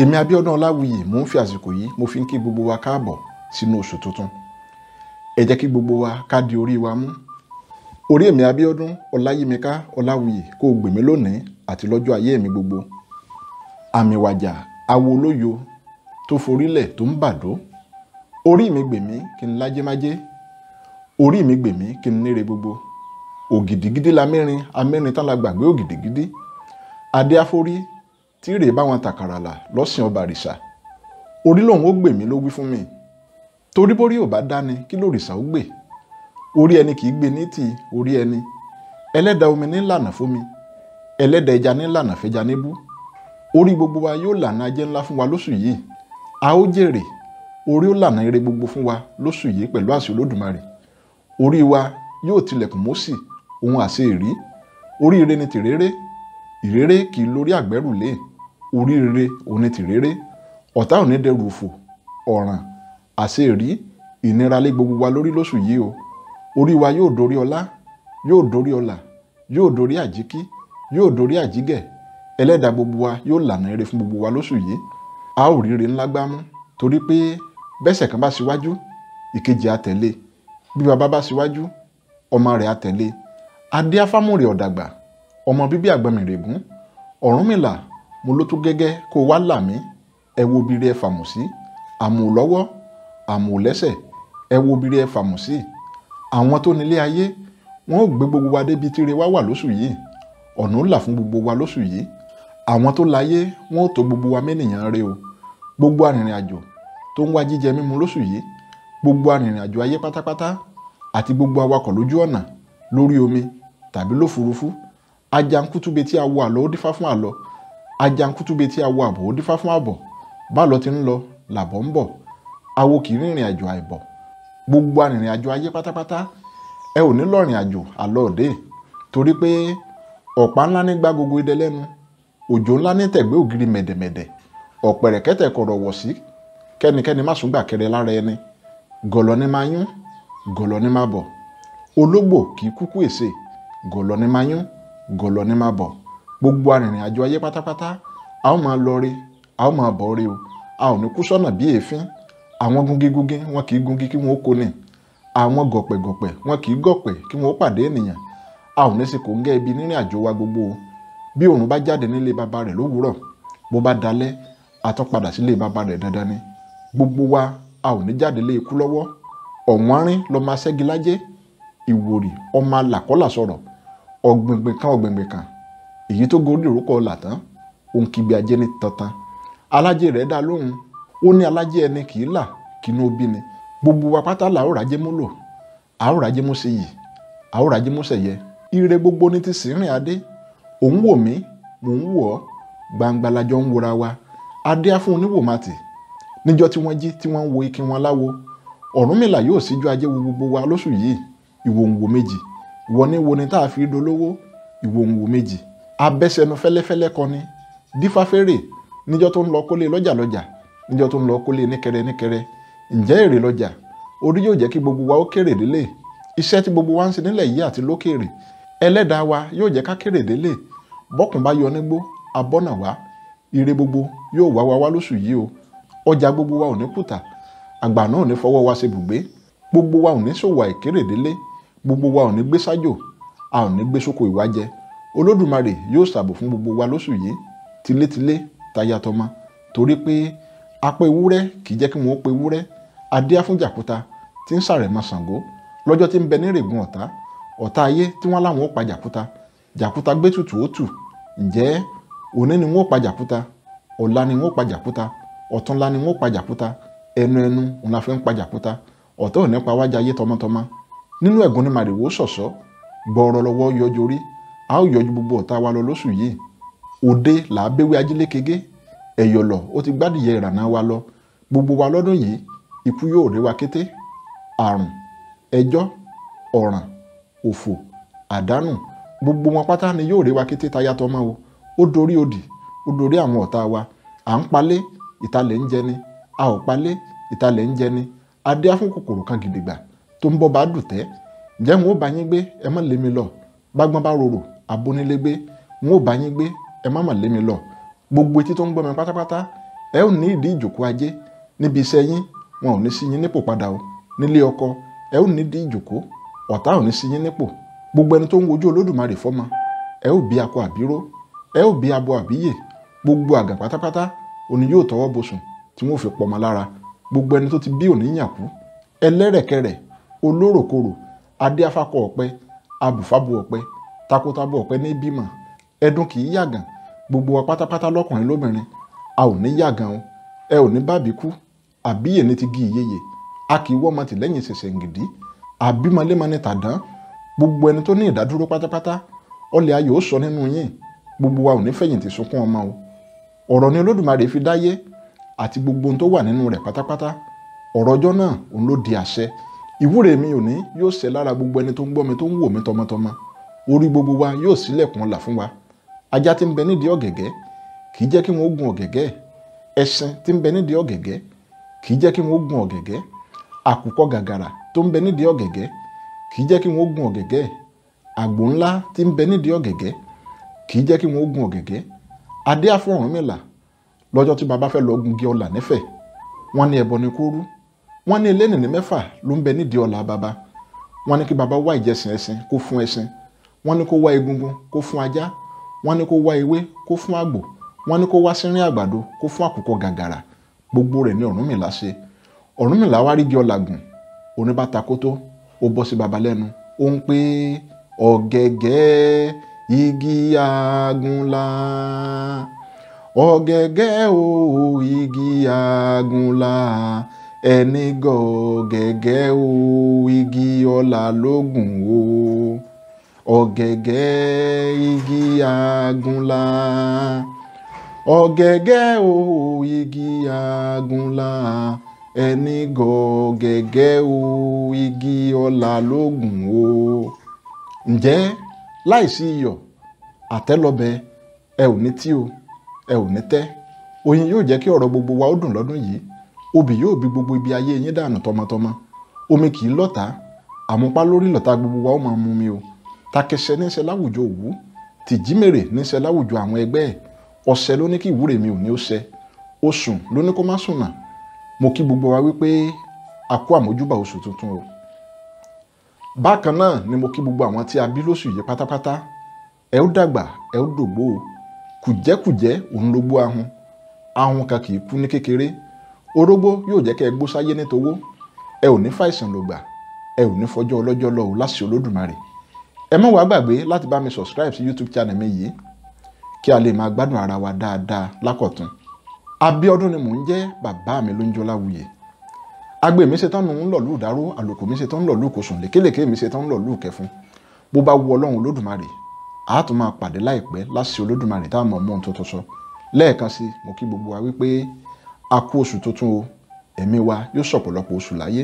èmi Abíọ́dún Ọláwuyì mò ń fi àsìkò yìí mo fi ń kí gbogbo wa káàbọ̀ sínú oṣù tuntun ẹ jẹ́ kí gbogbo wa ká di orí wa mú orí èmi Abíọ́dún Ọláyímiká Ọláwuyì kó o gbèmí lónìí àti lọ́jọ́ ayé mi gbogbo àmì wàjà awo olóyo tó forílẹ̀ tó ń bàdó orí mi gbèmí kí n lájẹmájẹ orí mi gbèmí kí n níre gbogbo ògìdìgídí la mẹ́rin amẹ́rin tán la gbàgbé ògìdìgídí adé afórí tí rèé bá wọn tàkàrà là lọ́sìn ọba àrìṣà orí lòun ó gbè ló wí fún mi torí bórí ò bá dáni kí lòrìṣà ó gbè orí ẹni kì í gbé ní ti orí ẹni ẹlẹ́dà omi ní lànà fómi ẹlẹ́dà ẹja ní lànà fẹja níbú orí gbogbo wa yóò lànà ajé ńlá fún wa lóṣù yìí a ó jèrè orí ó lànà ire gbogbo fún wa lóṣù yìí pẹ̀lú àṣẹ olódùmarè orí wa yóò tilẹ̀kùn mọ́sì ohun àṣẹ ìrí oríire ni tìrere ìrere kì í lórí àgbẹ́rù lé oríire òní tìrere ọ̀tá òní dẹrù òfò ọ̀ràn àṣeèrí ìnira lé gbogbo wa lórí lóṣù yìí o orí wa yóò dorí ọlá yóò dorí ọlà yóò dorí àjíkí yóò dorí àjígẹ̀ ẹlẹ́dàá gbogbo wa yóò lànà eré fún gbogbo wa lóṣù yìí a ò ríire ńlá gbámú torí pé bẹ́sẹ̀ kan bá síwájú ìkejì á bí baba bá síwájú ọmọ rẹ̀ á tẹ̀lé adé afámúrè ọ̀dàgbà ọmọ bíbí àgbọmìrègún Ọ̀rúnmìlà mo ló tún gẹ́gẹ́ kó wá là mí ẹ wo obìnrin ẹ fàmù sí àmù lọ́wọ́ àmù lẹ́sẹ̀ ẹ wo obìnrin ẹ fàmù sí àwọn tó nílé ayé wọn ò gbé gbogbo wa débi tí ire wa wà lóṣù yìí ọ̀nà ó là fún gbogbo wa lóṣù yìí àwọn tó láyé wọn ò tó gbogbo wa mẹ́nìyàn re o gbogbo arìnrìn àjò tó ń wá jíjẹ mímu lóṣù yìí gbogbo arìnrìn àjò ayé pátápátá àti gbogbo awakọ̀ lójú ọ̀nà lórí omi tàbí lófurufú ajankutu bíi tí a wo àlọ́ ó dífá fún àlọ́ ajankútúbe tí awo àbò ó dífá fún àbọ̀ bálọ ti ń lọ làbọ̀ ń bọ̀ awo kì í rìnrìn àjò àìbọ̀ gbogbo arìnrìn àjò ayé pátápátá ẹ ò ní lọ́rìn àjò àlọ́ òde torí pé ọ̀pá ńlá ní gbá gbogbo idẹ lẹ́nu òjò ńlá ní tẹ̀gbẹ́ ògiri mẹ̀dẹ̀mẹ̀dẹ̀ ọ̀pẹ̀rẹ̀kẹ́tẹ̀ kọ̀rọ̀ wọ̀ sí kẹ́nikẹ́ni má sùn gbàkẹrẹ lára ẹni gọ̀lọ́ ni máa yún gọ̀lọ́ ni máa bọ̀ ológbò kì í kúkú èsè gọ̀lọ́ ni máa yún gọ̀lọ́ ni máa bọ̀ gbogbo arìnrìn àjò ayé pátápátá a ó máa lọre a ó máa bọ̀ọ́re o a ò ní kú sọ́nà bí èéfín àwọn gungigungí wọn kì í gungi kí wọn ó kó ni àwọn gọ̀pẹ̀gọ̀pẹ̀ wọn kì í gọ̀pẹ̀ kí wọn ó pàdé ènìyàn a ò ní sì kò ń gẹ́ ibi nírìn àjò wa gbogbo o bí òun bá jáde nílé bàbá rẹ̀ lówùúrọ̀ bó bá dalẹ́ àtọ́padà sílé bàbá rẹ̀ dandan ni gbogbo wa a ò ní jáde lé ikú lọ́wọ́ ọ̀wọ́nrín lọ́mọ aṣẹ́gilájẹ́ ìwòrì ọmọ alàkọ́là sọ̀rọ̀ ọ̀gbìngbìn kan ọ̀gbìngbìn kan èyí tó gorí ìrókò ọ̀là tán òun kígbe ajé ní tantan alájẹ rẹ̀ dá lóhùn ó ní alájẹ ẹni kì í là kí inú bí ni gbogbo wa pátá làá ràjẹ mú lò àá ràjẹ mú ṣe yìí àá ràjẹ mú ṣẹyẹ ire gbogbo ní ti sì rìn adé òun wò mí mò ń wò ọ́ gbangba lajọ ń wora wa adé afún oníwòmátì níjọ́ tí wọ́n jí tí wọ́n ń wo ikin wọn láwo Ọ̀rúnmìlà yóò síjú ajé wo gbogbo wa lóṣù yìí ìwò ń wo méjì ìwọ ní wo ni tá a fi dolówó ìwò ń wo méjì abẹ́sẹ̀nu fẹ́lẹ́fẹ́lẹ́ kan ni dífáférè níjọ́ tó ń lọ kólé lọ́jà lọ́jà níjọ́ tó ń lọ kólé níkẹrẹ níkẹrẹ ǹjẹ́ èrè lọ́jà orí yóò jẹ́ kí gbogbo wa ó kéré délé iṣẹ́ tí gbogbo wa ń ṣe nílẹ̀ yìí àti lókèrè ẹlẹ́dàá wa yóò jẹ́ ká kéré délé bọ́kùn bá yọ nígbó abọ́nà wá ire gbogbo yóò wá wa wá lóṣù yìí o ọjà gbogbo wa ò ní kùtà àgbà náà ò ní fọwọ́ wa ṣe bùgbé gbogbo wa ò ní ṣòwò àìkéré délé gbogbo wa ò ní gbé sájò a ò ní gbé sóko ìwà jẹ olódùmarè yóò ṣàbò fún gbogbo wa lóṣù yìí tilétilé tayatọmọ torí pé apẹ kì í jẹ́ kí wọ́n pe ewúrẹ́ adíá fún jàkúta tí ń sàrẹ̀mọ Ṣàngó lọ́jọ́ tí ń bẹ ní règùn ọ̀tá ọ̀tá ayé tí wọ́n láwọn ó pa jàkúta jàkúta gbé tutù ó tù ǹjẹ́ òní ni wọ́n pa jàkúta ọ̀la ni wọ́n pa jàkúta ọ̀túnla ni wọ́n pa jàkúta ẹnu ẹnu òun la fi ń pa jàkúta ọ̀tọ́ òní pa wájà ayé tọmọtọmọ nínú ẹ̀gún ni màrìwò ṣọ̀ṣọ́ gbọ́ ọ̀rọ̀ lọ́wọ́ yọjú orí a ó yọjú gbogbo ọ̀tá wa lọ lóṣù yìí òde là á béwé ajílékegé ó ti gbádìyẹ ìrànà wa lọ gbogbo wa lọ́dún yìí ikú yóò rí wa kété àrùn ẹjọ́ ọ̀ràn òfò àdánù gbogbo wọn pátá ni yóò rí wa kété tayatọ́ mọ́ o ó dorí odì ó dorí àwọn ọ̀tá wa à ń palé ìtalẹ̀ ń jẹni a ò palé ìtalẹ̀ ń jẹni adé kan gidigba tó ń bọ́ bá dùtẹ́ ó bá yín abónílégbé wọn ò bá yín gbé ẹ má mà lé mi lọ gbogbo etí tó ń gbọ́ mi pátápátá ẹ ò ní ìdí ìjòkó ajé níbi iṣẹ́ yín wọn ò ní sí yín nípò padà o nílé ọkọ ẹ ò ní ìdí ìjòkó ọ̀tá ò ní sí yín nípò gbogbo ẹni tó ń wojú olódùmarè fọ́mọ ẹ ò bí akọ àbíró ẹ ò bí abo àbíyè gbogbo àgàn pátápátá òní yóò tọwọ́ bosùn tí wọn ò fi pọmọ lára gbogbo ẹni tó ti bí òní yàkú ẹlẹ́rẹ̀kẹrẹ̀ olóròkorò adé afakọ ọ̀pẹ abùfábù ọ̀pẹ takotabo ọ̀pẹ ní bímọ ẹdun kì í yàgàn gbogbo wa pátápátá lọ́kùnrin lóbìnrin a ò ní yàgàn o ẹ ò ní bàbí kú àbíyè ní ti gi ìyeyè a kì í wọ́mọ tìlẹ́yìn ṣẹ̀ṣẹ̀ ngìdí àbímọlémọni tàdán gbogbo ẹni tó ní ìdádúró pátápátá ọlẹ̀ ayò ó sọ nínú yín gbogbo wa ò ní fẹ̀yìntì sunkún ọmọ o ọ̀rọ̀ ni olódùmarè fi dáyé àti gbogbo ohun tó wà nínú rẹ̀ pátápátá ọ̀rọ̀ ọjọ́ náà òun ló di àṣẹ ìwúre mi òní yóò ṣẹ lára gbogbo ẹni tó ń gbọ́ mi tó ń wò mí tọmọtọmọ orí gbogbo wa yóò ṣílẹ̀kùn ọlà fún wa ajá tí ń bẹ nídìí ọ̀gẹ̀gẹ̀ kì í jẹ́ kí wọ́n gun ọ̀gẹ̀gẹ̀ ẹṣin tí ń bẹ nídìí ọ̀gẹ̀gẹ̀ kì í jẹ́ kí wọ́n gun ọ̀gẹ̀gẹ̀ àkùkọ gàgàrà tó ń bẹ nídìí ọ̀gẹ̀gẹ̀ kì í jẹ́ kí wọ́n gun ọ̀gẹ̀gẹ̀ àgbò ńlá tí ń bẹ nídìí ọ̀gẹ̀gẹ̀ kì í jẹ́ kí wọ́n gun ọ̀gẹ̀gẹ̀ adé àfọ̀hún lọ́jọ́ tí baba fẹ́ lọ gun gé ọlà nífẹ̀ẹ́ wọ́n ní ẹbọ ni kó wọ́n ní elénìí mẹ́fà ló ń bẹ nídìí ọlà baba wọ́n ní kí baba wá ìjẹsìn ẹṣin kó fún ẹṣin wọ́n ní kó wá egungun kó fún ajá wọ́n ní kó wá ewé kó fún àgbò wọ́n ní kó wá sínrin àgbàdo kó fún àkùkọ gàgàrà gbogbo rẹ̀ ní Ọ̀rúnmìlà ṣe Ọ̀rúnmìlà wá rí jọ làgùn oníbàtàkótó ó bọ́ sí baba lẹ́nu ó ń pé ọ̀gẹ̀gẹ̀ igi àgùnlà ọ̀gẹ̀gẹ̀ o igi àgùnlà ẹni gọ̀ọ̀gẹ̀gẹ̀ o igi ọ̀là lógùn o. ọ̀gẹ̀gẹ̀ igi àgùnlà ọ̀gẹ̀gẹ̀ o igi àgùnlà ẹni gọ̀ọ̀gẹ̀gẹ̀ o igi ọ̀là lógùn o ǹjẹ́ láìsí iyọ̀ àtẹ́lọ́bẹ̀ ẹ ò ní tí o ẹ ò ní tẹ́ oyin yóò jẹ́ kí ọ̀rọ̀ gbogbo wa ó dùn lọ́dún yìí obì yóò bi gbogbo ibi ayé yín dànù tọmọtọmọ omi kì í lọ́ta àmupá lórí lọ́ta gbogbo wa ó máa mú mi o. takẹsẹ níṣẹ́ láwùjọ òwú tìjímèrè níṣẹ́ láwùjọ àwọn ẹgbẹ́ ẹ̀ ọ̀sẹ̀ ló ní kí ìwúre mi ò ní ó ṣẹ oṣùn ló ní kó má sùn nà mo kí gbogbo wa wípé a kú àmójúbà oṣù tuntun o bákan náà ni mo kí gbogbo àwọn tí a bí lóṣù yìí pátápátá ẹ ó dàgbà ẹ ó dògbó o kùjẹ́kùjẹ́ òun ló gbó ahun ahun kan kì í kú ní kékeré orógbó yóò jẹ́ kẹ́ ẹ gbó sáyé nítowó ẹ ò ní fàìsàn lògbà ẹ ò ní fọjọ́ ọlọ́jọ́ lọ o láṣẹ Olódùmarè ẹ má wàá gbàgbé láti bá mi subscribe sí YouTube channel mi yìí kí a lè máa gbádùn ara wa dáadáa lákọ̀tún Abíọ́dún ni mò ń jẹ́ bàbá mi ló ń jọ láwùyè agbe mi ṣetán nù ń lọ lù dáró àlòkù mi ṣetán ń lọ lù kòsùn lékelèké mi ṣetán ń lọ lù kẹfún bó bá wu Ọlọ́run Olódùmarè a tún máa pàdé láìpẹ́ láṣẹ Olódùmarè tá a mọ̀ mọ́ ohun tó tọ́ sọ lẹ́ẹ̀kan sí mo kí gbogbo wa wípé a kú oṣù tuntun o ẹ̀mí wa yóò ṣọ̀pọ̀lọpọ̀ oṣù láyé